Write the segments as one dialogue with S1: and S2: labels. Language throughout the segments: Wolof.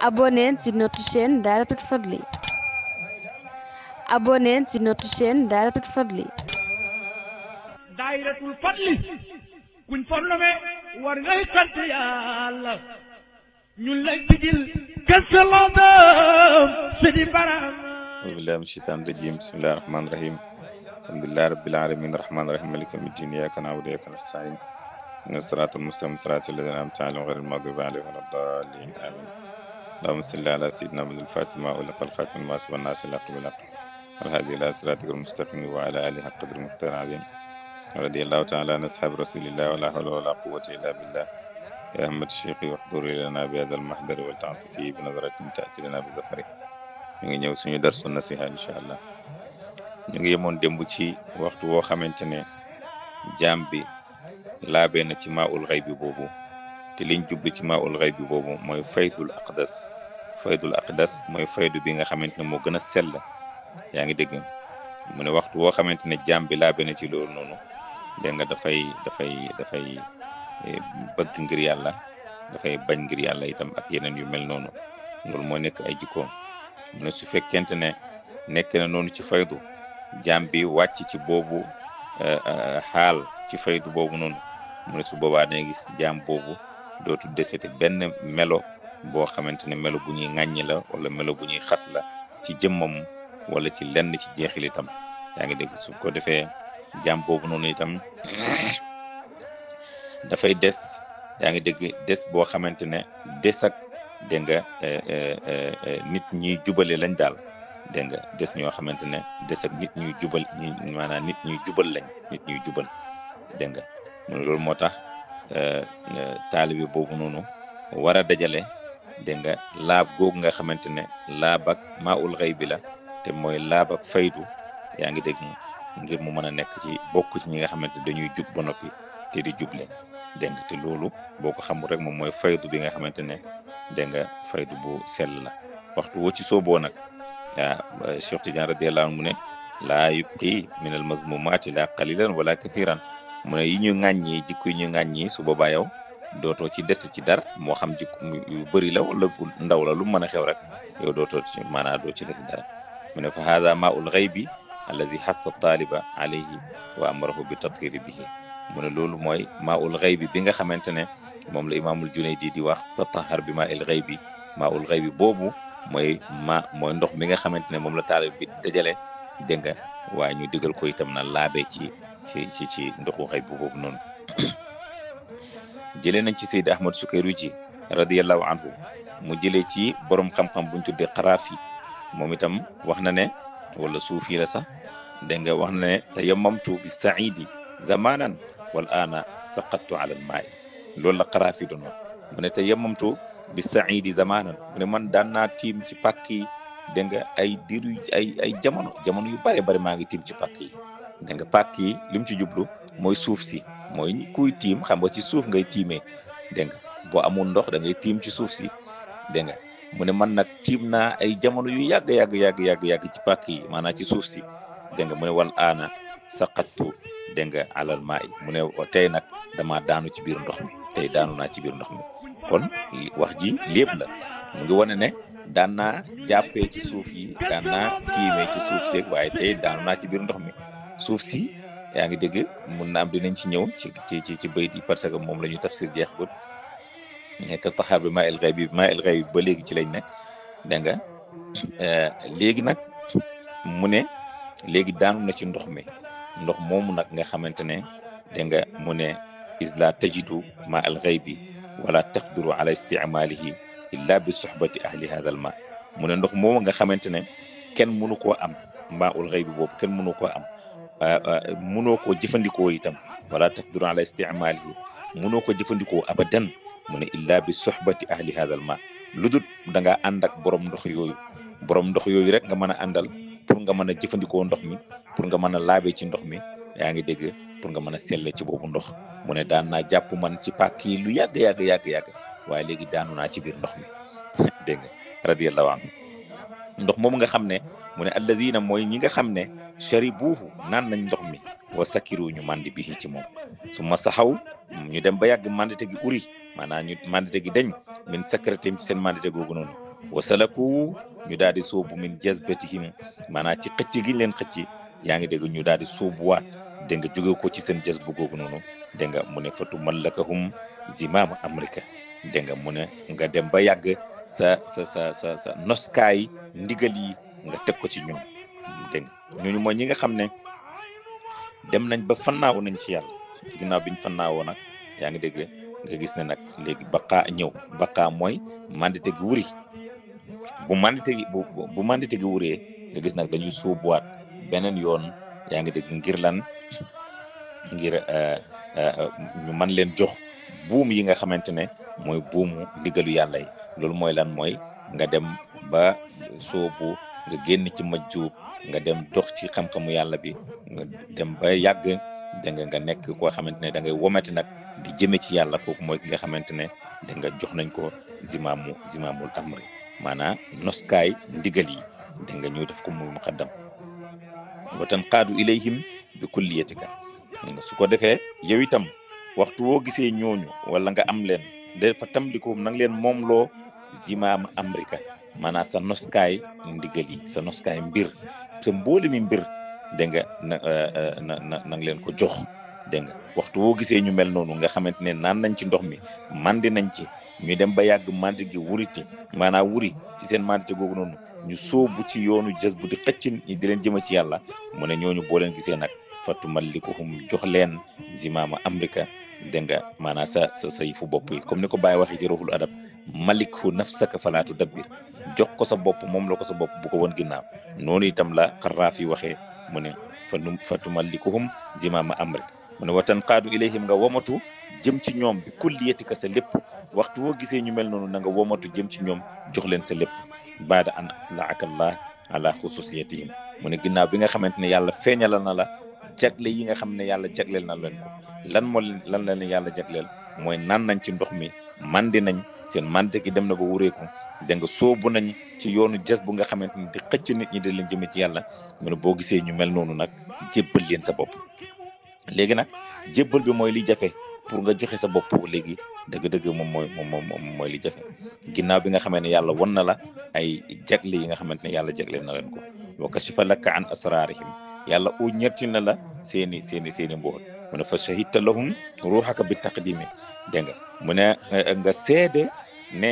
S1: abonnez ci notre chaîne Dahiratoul Fadly abonnez ci notre chaîne Dahiratoul Fadly Dahiratoul Fadly kuñ fornome war ngay sant Yàlla ñun lay digil kasaladam sidi baram billahi min shaitan rajim bismillahir rahmanir rahim alhamdulillahi rabbil alamin rahmanir rahim maliki yawmiddin iyyaka na'budu wa iyyaka nasta'in ihdinas siratal mustaqim siratal ladzina an'amta alaihim ghayril maghdubi alaihim waladdallin amin اللهم صل على سيدنا محمد الفاتح ما أغلق الخاتم ما سبق الناس الحق بالحق الهادي إلى صراطك المستقيم وعلى آله حق قدر المختار العظيم رضي الله تعالى عن أصحاب رسول الله ولا حول ولا قوة إلا بالله يا أحمد شيخي واحضر لنا بهذا المحضر والتعطي فيه بنظرة تأتي لنا بظفره ñu ngi ñëw suñu darsu nasiha incha allah ñu ngi yemoon démb ci waxtu woo xamante ne jaam bi laabee na ci maaul xayb bi boobu te liñ jublu ci maa ul xay bi boobu mooy faydul aqdas faydul aqdas mooy faydu bi nga xamante ne moo gën a sell yaa ngi dégg mu ne waxtu woo xamante ne jaam bi laabe na ci loolu noonu dégg nga dafay dafay dafay eh, bëgg ngir yàlla dafay bañ ngir yàlla itam ak yeneen yu mel noonu loolu moo nekk ay jikkoom mu ne su fekkente ne nekk na noonu ci faydu jaam bi wàcc ci boobu eh, eh, xaal ci faydu boobu noonu mu ne su boobaa dangay gis jaam boobu dootu desete benn melo boo xamante ne melo bu ñuy ŋàññi la wala melo bu ñuy xas la ci jëmmam wala ci lenn ci jeexil itam yaa ngi dégg su ko defee jaam boobu noonu itam dafay des yaa ngi dégg des boo xamante ne des ak dégg nga eh, eh, eh, nit ñuy jubale lañ daal dégg nga des ñoo xamante ne des ak nit ñuy jubal ñi nit ñuy jubal lañ nit ñuy jubal dégg nga loolu moo tax. Euh, euh, taalibi boobu noonu war a dajale dégg nga laab googu nga xamante ne laab ak maa ul xëy bi la te mooy laab ak faydu yaa ngi dégg ngir mu mën a nekk ci bokk ci ñi nga xamante dañuy jub ba noppi te di jub dégg nga te loolu boo ko xamul rek moom mooy faydu bi nga xamante ne dégg nga faydu bu sell la waxtu wo ci sooboo nag waaw ah, Cheikh Tidiane radiyallahu anhu mu ne laa yubqi min al mazmumaati la qalilan wala kathiran mu ne yi ñu ŋàññi jikko yi ñu ŋàññi su boobaa yow dootoo ci des ci dara moo xam jikko yu bari la wala ndaw la lu mën a xew rek yow dootoo ci maanaa doo ci des dara mu ne fa haada maaul xaybi alladi xassa taaliba alayhi wa amarahu bi tadxiri bihi mu ne loolu mooy maaul xaybi bi nga xamante ne moom la imaamul junaydi di wax tatahar bi maail xaybi maaul xaybi boobu mooy ma mooy ndox mi nga xamante ne moom la taalib bi dajale dégg nga waaye ñu digal ko itam na laabe ci ci ci ci ndoxu xay bu boobu noonu jëlee nañ ci Seyd Ahmad Sukayriji radiyallahu anhu mu jëlee ci borom xam-xam buñ tuddee xaraaf yi moom itam wax na ne wala suufi la sax dégg nga wax na ne tayammamtu bi saidi zamanan wal ana saqattu ala al maa'i loolu la xaraaf yi doon wax mu ne tayammamtu bi saidi zamanan mu man daan naa tiim ci pàkk yi dégg nga ay diru ay ay jamono jamono yu bare bare maa ngi tiim ci pàkk yi da nga pàkk yi li mu ci jublu mooy suuf si mooy kuy tiim xam nga ci suuf ngay tiimee dégg nga boo amul ndox da ngay tiim ci suuf si dégg nga mu ne man nag tiim naa ay jamono yu yàgg yàgg yàgg yàgg yàgg ci pàkk yi ci suuf si dégg nga mu ne wal aana saqattu dégg nga alal maa yi mu ne tey nag dama daanu ci biir ndox mi tey daanu naa ci biir ndox mi kon wax ji lépp la mu ngi wane ne daan naa jàppee ci suuf yi daan naa tiimee ci suuf seeg waaye tey daanu naa ci biir ndox mi suuf si yaa ngi dégg mun na am dinañ ci ñëw ci ci ci bayit yi parce que moom la ñu tafsir jeex gut te taxaar bi maa el xay bi maa ba léegi ci lañ nekk dégg nga euh, léegi nag mu ne léegi daanu na ci ndox mi ndox moomu nag nga xamante ne dégg nga mu ne isla tajidu ma al xay bi wala taqdiru ala isticmaalihi illa bi soxbati ahli hada al ma mu ne ndox moom nga xamante ne kenn mënu koo am maa ul xay bi boobu kenn mënu koo am Euh, euh, munoo koo jëfandikoo itam wala taqdiru ala isticmaalihi munoo ko jëfandikoo abadan mu ne bi sohbati ahli hada al ma lu dul da ngaa ànd ak borom ndox yooyu borom ndox yooyu rek nga mën a àndal pour nga mën a jëfandikoo ndox mi pour nga mën a laabe ci ndox mi yaa ngi dégg pour nga mën a selle ci boobu ndox mu ne daan naa jàpp man ci pàkk yi lu yàgg yàgg yàgg yàgg waaye léegi daanu naa ci biir ndox mi dégg nga radiyallahu anhu ndox moom nga xam ne mu ne alladina mooy ñi nga xam ne sharibuhu naan nañ ndox mi wa sakiru ñu mandi bihi ci moom su ma saxaw ñu dem ba yàgg mandite gi uri maanaam ñu mandite gi dañ min sakratim ci seen mandite googu noonu wa salaku ñu daal di soobu min jazbatihim maanaam ci xëcc gi leen xëcci yaa ngi dégg ñu daal di soobuwaat dégg nga jóge ko ci seen jazb googu noonu dégg nga mu ne fatu mallakahum zimaam amrika dégg nga mu ne nga dem ba yàgg sa sa sa sa sa noskaay ndigal yi nga teg ko ci ñoom dégg nga ñooñu mooy ñi nga xam ne dem nañ ba fannaawu nañ ci yàlla ginnaaw biñ ñu fannaawoo nag yaa ngi dégg nga gis ne nag léegi baqaa ñëw baqaa mooy mandité gi wuri bu mandité gi bu bu mandité gi wuree nga gis nag dañuy sóobuwaat beneen yoon yaa ngi dégg ngir lan ngir euh, euh, ñu man leen jox buum yi nga xamante ne mooy buumu ndigalu yàlla yi loolu mooy lan mooy nga dem ba sóobu nga génn ci mat majjuub nga dem dox ci xam-xamu yàlla bi nga dem ba yàgg da nga nga nekk koo xamante ne da ngay womati nag di jëme ci yàlla kooku mooy ki nga xamante ne da nga jox nañ ko zimaamu zimaamul amri maanaam noskaay ndigal yi da nga ñëw def ko mu muqaddam watan qaadu ilayhim bi kulliyatika su ko defee yow itam waxtu woo gisee ñooñu wala nga am leen dafa tam di ko nang leen moom loo zimaam amrika maanaam sa noskaay ndigal yi sa noskaay mbir sa mboole mi mbir dégg nga na euh, euh, na na na leen ko jox dégg nga waxtu woo gisee ñu mel noonu nga xamante ne naan nañ ci ndox mi mandi nañ ci ñu dem ba yàgg mandi gi wurite maanaam wuri ci seen mandite googu noonu ñu soobu ci yoonu jës bu di xëccin di leen jëma ci yàlla mu ne ñooñu boo leen gisee nag fatu mallikuhum jox leen zimaama amrika dégg nga maanaam sa sa say fu bopp yi comme ni ko Baye waxee ci ruuxul adab malikhu nafsaka falaatu dabbir jox ko sa bopp moom la ko sa bopp bu ko woon ginnaaw noonu itam la xarraaf yi waxee mu ne fa nu fatu mallikuhum zimaama amrika mu ne wa tanqaadu ilayhim nga womatu jëm ci ñoom bi kulliyatika sa lépp waxtu woo gisee ñu mel noonu na nga womatu jëm ci ñoom jox leen sa lépp baada an atlaaka allah ala xususiyatihim mu ne ginnaaw bi nga xamante ne yàlla feeñalal na la jagle yi nga xam ne yàlla jagleel na leen ko lan moo lan la leen yàlla jagleel mooy naan nañ ci ndox mi man mandi nañ seen mande gi dem na ba wureeku dégg nga soobu nañ ci yoonu jas bu nga xamante ni di xëcc nit ñi di la jëmmi ci yàlla mu ne boo gisee ñu mel noonu nag jébbal leen sa bopp léegi nag jébbal bi mooy li jafe pour nga joxe sa bopp léegi dëgg-dëgg moom mooy moom mooy li jafe ginnaaw bi nga xamee ne yàlla won na la ay jagle yi nga xamante ne yàlla jagleel na leen ko wa kashifa laka an asrarihim yàlla u ñerti na la seeni seeni seeni mboot fa shahidta lahum ruuxaka bi taqdimi dégg nga mu ne eh, nga seede ne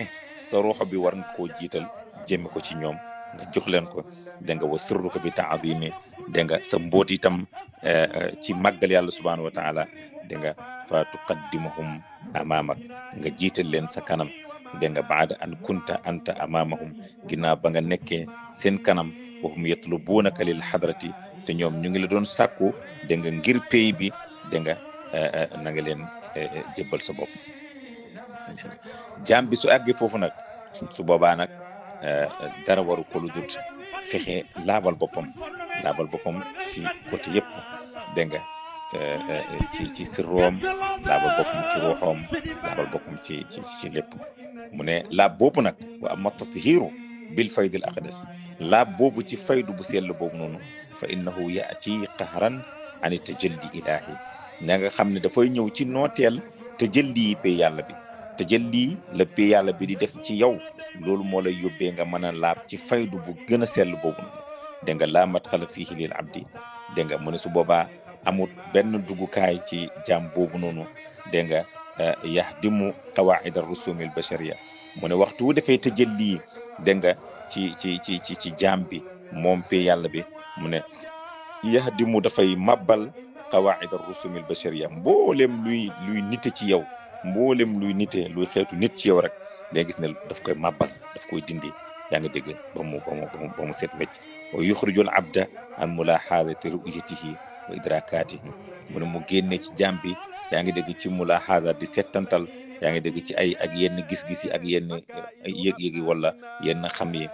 S1: sa ruux bi war nga koo jiital jëme ko ci ñoom nga jox leen ko dégg nga wa sirruka bi taadimi dégg nga sa mboot itam eh, eh, ci màggal yàlla subhanahu wa taala dégg nga fa tuqaddimahum amaamak nga jiital leen sa kanam dégg nga baada an kunta anta amaamahum ginnaaw ba nga nekkee seen kanam wa hum yatlubuunaka lil hadrati te ñoom ñu ngi la doon sàkku da nga ngir pays bi da nga eh, eh, na nga leen eh, jébbal sa bopp jaam bi su àggee foofu nag su boobaa nag dara waru ko lu fexe laabal boppam laabal boppam ci côté yëpp da nga ci ci sirroom laabal boppam ci ruuxoom laabal boppam ci ci ci lépp mu ne laab boobu nag wa amma tathiru bil faydil aqdas laab boobu ci faydu bu sell boobu noonu fa innahu yaati qahran ani tajalli ilahi na nga xam ne dafay ñëw ci nooteel tajalli yi pay yàlla bi tajalli la pay yàlla bi di def ci yow loolu moo lay yóbbee nga mën a laab ci faydu bu gën a sell boobu noonu dégg nga laa madxala fiihi lil abdi dégg nga mu ne su boobaa amut benn duggukaay ci jaam boobu noonu dégg nga eh, yahdimu qawaida rusumil bashariya mu ne waxtu defee dafay tëjël lii dégg nga ci ci ci ci ci jaam bi moom pe yàlla bi mu ne yahdimu dafay màbbal qawaida rusumil bashariya mboolem luy luy nite ci yow mboolem luy nite luy xeetu nit ci yow rek day gis ne daf koy màbbal daf koy dindi yaa ngi dégg ba mu ba mu ba mu seet wecc an yuxrijul abda an mulahadati ru'yatihi wa idrakatihi mu ne mu génne ci jaam bi yaa ngi dégg ci mulahada di settantal yaa ngi dégg ci ay ak yenn gis-gis yi ak yenn yëg-yëg yi wala yenn xam yi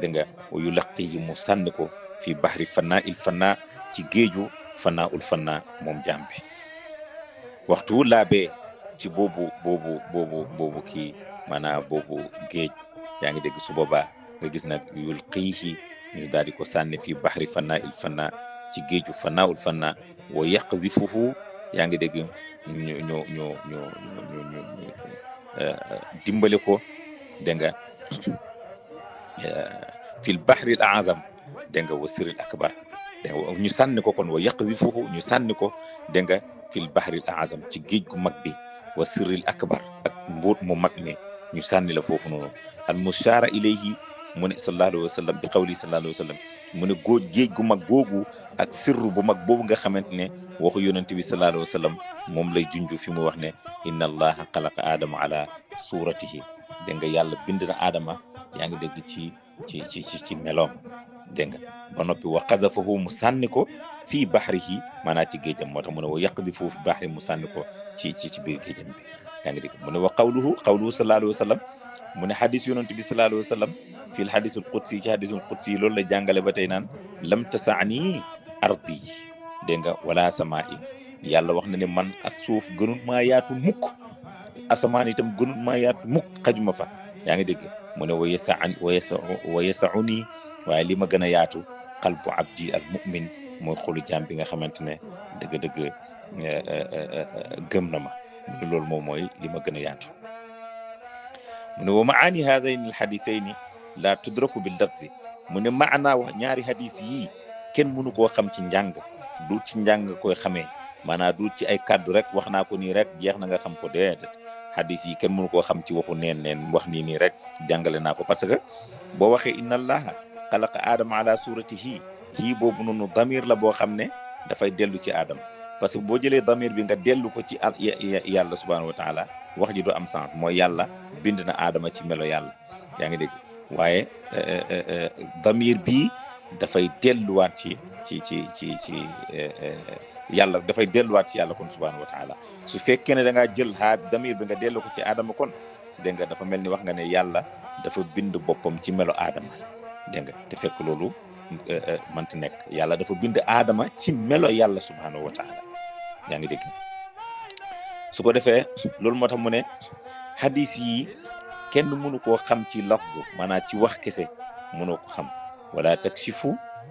S1: dégg nga yu laqi yi mu sànni ko fi bahri fanna il fanna ci géeju fanna ul fanna moom jaam bi waxtu laabee ci boobu boobu boobu boobu kii maanaam boobu géej yaa ngi dégg su boobaa nga gis nag yul xiixi ñu daal di ko sànni fii baxri fanna il fanna ci géeju fanna ul fanna wa yaqzifuhu yaa ngi dégg ñu ñu ñu ñu ñu euh, euh, ko dégg nga euh, azam dégg nga wa siril akbar dégg nga ñu sànni ko kon wa yaqzifuhu ñu sànni ko dégg nga fil bahril azam ci géej gu mag bi wa siril akbar ak mbóot mu mag ne ñu sànni la foofu noonu al mushaara ilayhi mu ne sallallahu alayhi wa sallam bi qawli sallallahu alayhi wa sallam mu ne góoj géej gu mag googu ak sirru bu mag boobu nga xamante ne waxu yonent bi sallallahu alayhi wa sallam moom lay junju fi mu wax ne inna allaha xalaqa aadama ala suratihi dégg nga yàlla bind na aadama yaa ngi dégg ci ci ci ci ci meloom dégg nga ba noppi wa qadafahu mu sànni ko fii baxrihi maanaam ci géejam moo tax mu ne wa yaqdifu fi baxri mu sànni ko ci ci ci biir géejam bi yaa ngi dégg mu ne wa qawluhu qawluhu sallallahu alayhi wa sallam mu ne xadis yonent bi sallallahu alayhi wa sallam fii l xadisul qudsi ci xadisul qudsi loolu la jàngale ba te naan lam tasaani ardi dégg nga wala samaa i yàlla wax na ne man as suuf gënut maa yaatu mukk asamaan itam gënut maa yaatu muk xajuma fa yaa ngi dégg mu ne wa yasa wa yasa wa yasauni waaye li ma gën a yaatu qalbu abdi al mu'min mooy xolu jaam bi nga xamante ne dëgg-dëgg eh, eh, eh, gëm na ma mu ne loolu moom mooy li ma gën a yaatu mu ne wa maani haadayn al xadisayni la tudraku bil lafzi mu ne maanaa wax ñaari hadis yii kenn mënu koo xam ci njàng du ci njàng koy xamee maanaam du ci ay kàddu rek wax naa ko nii rek jeex na nga xam ko déedéet hadis yi kenn mënu koo xam ci waxu neen neen wax nii nii rek jàngale naa ko parce que boo waxee inna allaha xalaqa aadama ala suratihi hii boobu noonu damir la boo xam ne dafay dellu ci aadama parce que boo jëlee damir bi nga dellu ko ci yàlla subhanahu wa taala wax ji du am sens mooy yàlla bind na aadama ci melo yàlla yaa ngi dégg waaye euh, euh, euh, damir bi dafay delluwaat ci ci ci ci ci yàlla dafay delluwaat ci yàlla kon subhanahu wa taala su fekkee ne da jël haa damir bi nga dellu ko ci aadama kon dégg nga dafa mel ni wax nga ne yàlla dafa bind boppam ci melo aadama dégg nga te fekk loolu euh, euh, mënti nekk yàlla dafa bind aadama ci melo yàlla subhaanahu wa taala yaa ngi dégg ko defee loolu moo tax ne hadis yi kenn mënu koo xam ci lafzu maanaam ci wax kese mënoo xam wala taksifu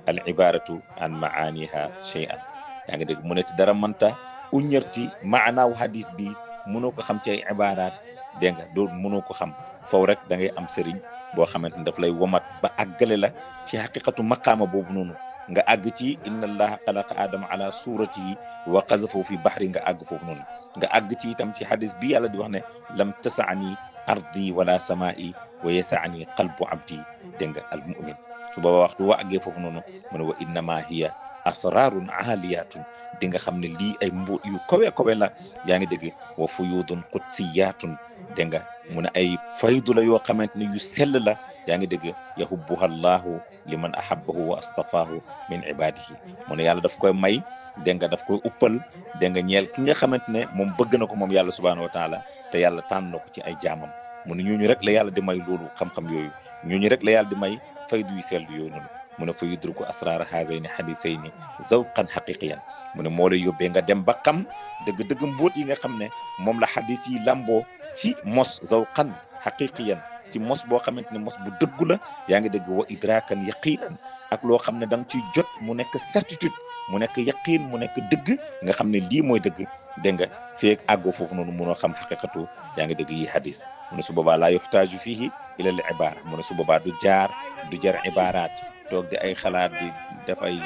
S1: al ibaratu an maaniha shay'an yaa ngi dégg mu ne te dara manta mënta uñërti maanaaw hadis bi mënoo ko xam ci ay ibaraat dégg nga doo mënoo ko xam faw rek da ngay am sëriñ boo xamante ni daf lay womat ba àggale la ci xaqiqatu maqaama boobu noonu nga àgg ci inna allaha xalaqa aadama ala suratihi wa qazafahu fi bahri nga àgg foofu noonu nga àgg ci itam ci xadis bi yàlla di wax ne lam tasaani ardi wala samaai wa yasaani qalbu abdi dégg nga al mumin su booba waxtu wa àggee foofu noonu mu ne wa innama hiya asrarun aliyatun di nga xam ne lii ay mbóot yu kawe kawe la yaa ngi dégg wa fuyudun qudsiyatun dégg nga mu ne ay faydu la yoo xamante ne yu sell la yaa ngi dégg yahubbuha allahu liman ahabbahu wa astafahu min ibadihi mu ne yàlla daf koy may dégg nga daf koy uppal dégg nga ñeel ki nga xamante ne moom bëgg na ko moom yàlla subhanahu wa taala te yàlla tànn na ko ci ay jaamam mu ne ñooñu rek la yàlla di may loolu xam-xam yooyu ñooñu rek la yàlla di may faydu yu sell yooyu mu ne fa yudruku asraar haazayni hadisayni zawqan haqiqiyan mu ne moo lay yóbbee nga dem ba xam dëgg-dëgg mbóot yi nga xam ne moom la hadis yi lamboo ci mos zawqan haqiqiyan ci mos boo xamante ne mos bu dëggu la yaa ngi dégg wa idraakan yaqinan ak loo xam ne da nga ciy jot mu nekk certitude mu nekk yaqin mu nekk dëgg nga xam ne lii mooy dëgg dégg nga feeg àggoo foofu noonu munoo xam xaqiqatu yaa ngi dégg yi hadis mu ne su boobaa laa yuxtaaju fihi ila al ibaara su boobaa du jaar du jar ibaaraat toog di ay xalaat di def ay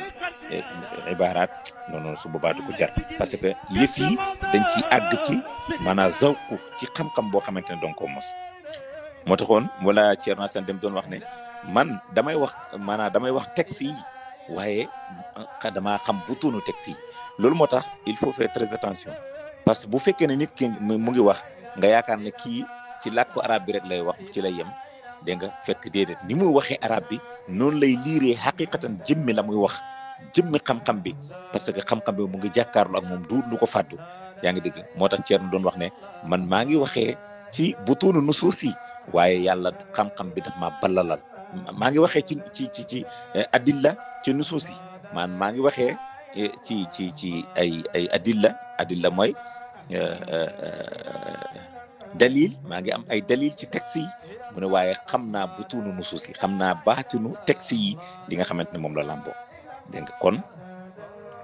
S1: eh, ibaaraat non non su boobaa du ko jar parce que yëf yi dañ ci àgg ci maanaam zawku ci xam-xam boo xamante ne donc mos mo taxoon wala Thierno Sène dem doon wax ne man damay wax maanaam damay wax texte yi waaye ah, damaa xam bu tuunu texte yi loolu moo tax il faut faire très attention parce que bu fekkee ne nit ki mu ngi wax nga yaakaar ne kii ci làkku arab bi rek lay wax ci lay yem. dégg nga fekk déedéet ni muy waxee arab bi noonu lay liiree xaqiqatan jëmmi la muy wax jëmmi xam-xam bi parce que xam-xam bi mu ngi jàkkaarlu ak moom du lu ko fàddu yaa ngi dégg moo tax ceer nu doon wax ne man maa ngi waxee ci butuunu nusuus yi waaye yàlla xam bi daf maa ngi waxee ci ci ci ci eh, adilla ci nusuus yi man maa ngi waxee eh, ci ci ci ay ay adilla adilla mooy eh, dalil maa ngi am ay dalil ci texte yi mu waaye xam naa butuunu nusuus yi xam naa baatinu texte yi linga nga xamante ne moom la làmboo dégg kon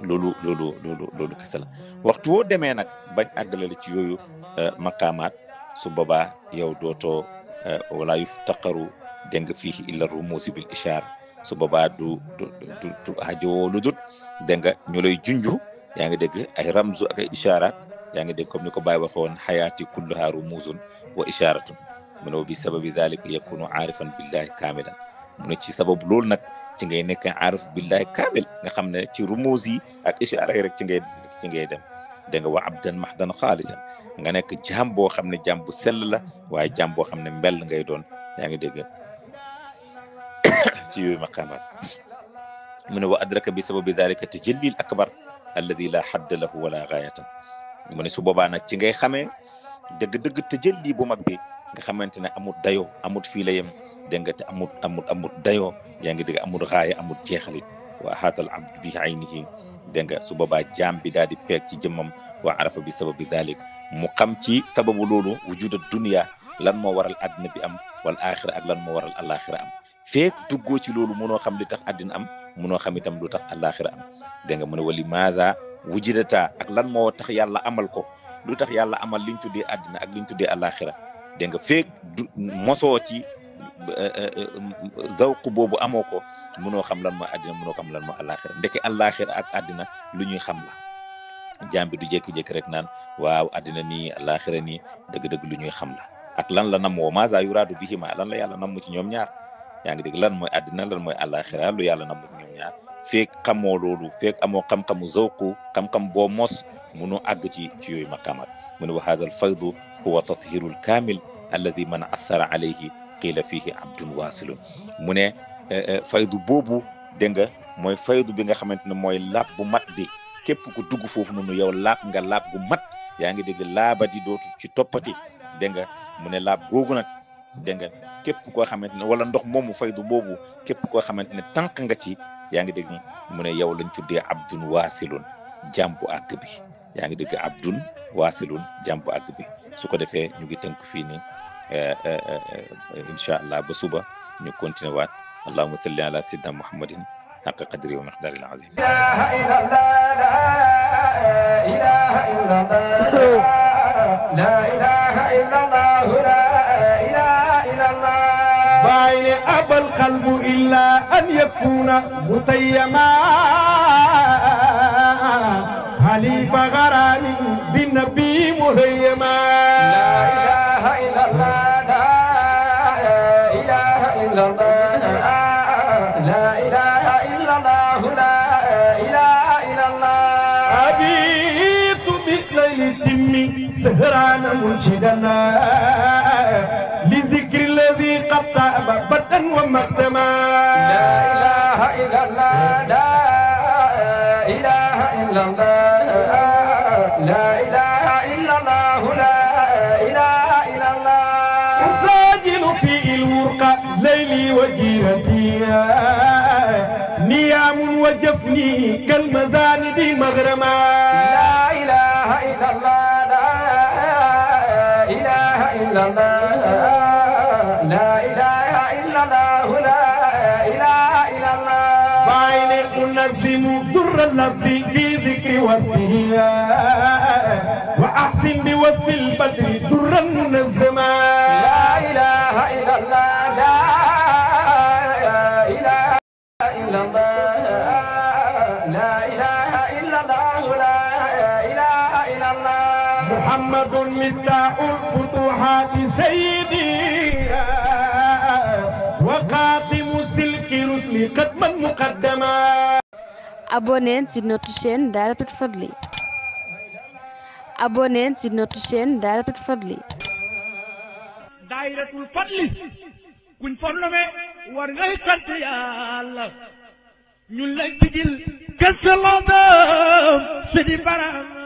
S1: loolu loolu loolu loolu waxtu woo demee nag bañ àggale la ci yooyu euh, maqaamaat su boobaa yow dootoo euh, wala yu taqaru dégg nga fii illa bil ishaar su boobaa du du du du aajo lu dut dégg nga ñu lay junju yaa ngi dégg ay ramzu ak ay yaa ngi de comme ni ko Baye waxoon xayaati kulluha rumuuzun wa isharatun mu ne wa bi sababi dalika yakunu aarifan billahi kaamilan mu ne ci sababu loolu nag ci ngay nekk aarif billahi kaamil nga xam ne ci rumuuz yi ak ishaara yi rek ci ngay ci ngay dem da nga wa abdan mahdan xaalisan nga nekk jaam boo xam ne jaam bu sell la waaye boo xam ne mbell ngay doon yaa ngi dégg ci yooyu maqaamaat mu ne wa adraka bi sababi dalika tajallil akbar alladi la xadda lahu wala gaayatan mu ne su boobaa nag ci ngay xamee dëgg-dëgg tëjël lii bu mag bi nga xamante ne amul dayoo amul fii la yem dégg nga te amul amul amul dayoo yaa ngi dégg amul raaya amul jeexalit wa xaatal abd bi aynihi dégg nga su boobaa jaam bi daal di peeg ci jëmmam wa arafa bi sababi dalik mu xam ci sababu loolu wujuda dunia lan moo waral àddina bi am wa axira ak lan moo waral alaxira am feek duggoo ci loolu mënoo xam li tax àddina am mënoo xam itam lu tax alaxira am dégg nga mu wujudata ak lan moo tax yàlla amal ko lu tax yàlla amal liñ tuddee àddina ak liñ tuddee àllaaxira dégg nga feeg mosoo ci euh, euh, zawq boobu amoo ko mënoo xam lan mooy àddina mënoo xam lan mooy àllaaxira ndeke àllaaxira ak àddina lu ñuy xam la jaam bi du jékki-jékki rek naan waaw àddina nii àllaaxira nii dëgg-dëgg lu ñuy xam la ak lan la namm woo maasa yuraadu bihima lan la yàlla namm ci ñoom ñaar yaa ngi dégg lan mooy àddina lan mooy àllaaxira lu yàlla na ci ñoom ñaar feeg xamoo loolu feeg amoo xam-xamu zawqu xam-xam boo mos munoo àgg ci ci yooyu maqaamaat mu ne wa hada al faydu huwa tathiru l kaamil alladi man athara alayhi qiila fihi abdun wasilun mu ne eh, eh, faydu boobu dégg nga mooy faydu bi nga xamante ne mooy laab bu mat bi képp ku dugg foofu noonu yow laab nga laab bu mat yaa ngi dégg di dootu ci toppati dégg mu ne laab googu nag dégg nga képp koo xamante ne wala ndox moomu faydu boobu képp koo xamante ne tànk nga ci yaa ngi dégg mu ne yow lañ tuddee abdun waasilun jàmbu àgg bi yaa ngi dégg abdun waasilun jàmbu àgg bi su ko defee ñu ngi tënk fii nii eh, eh, eh, incha allah ba suba ñu continué waat allahumma salli ala sayyidina muhammadin حق قدري ومقداري العظيم لا اله bàyyi ne abal qalbu illa an yakuna mutayyama halifa gharani bi nabi muhayyama la ilaha illallah la ilaha illallah سهران منشدنا مدحا ومقدما لا إله إلا الله لا إله إلا الله لا إله إلا الله لا إله إلا الله أساجل في الورقة ليلي وجيرتي نيام وجفني كالمزان بمغرما وسم در الذي في ذكر واسمها وأحسن بوصف البدر درا الزمان لا إله إلا الله لا إله إلا الله لا إله إلا الله لا إله إلا الله محمد مفتاح الفتوحات سيدي وقاتم سلك رسل قدما مقدما abonnez sur notre chaîne Dahiratoul Fadly abonnez sur notre kuñ fonnome war ngay sant Yàlla ñun lay digil kesselo do sidi baram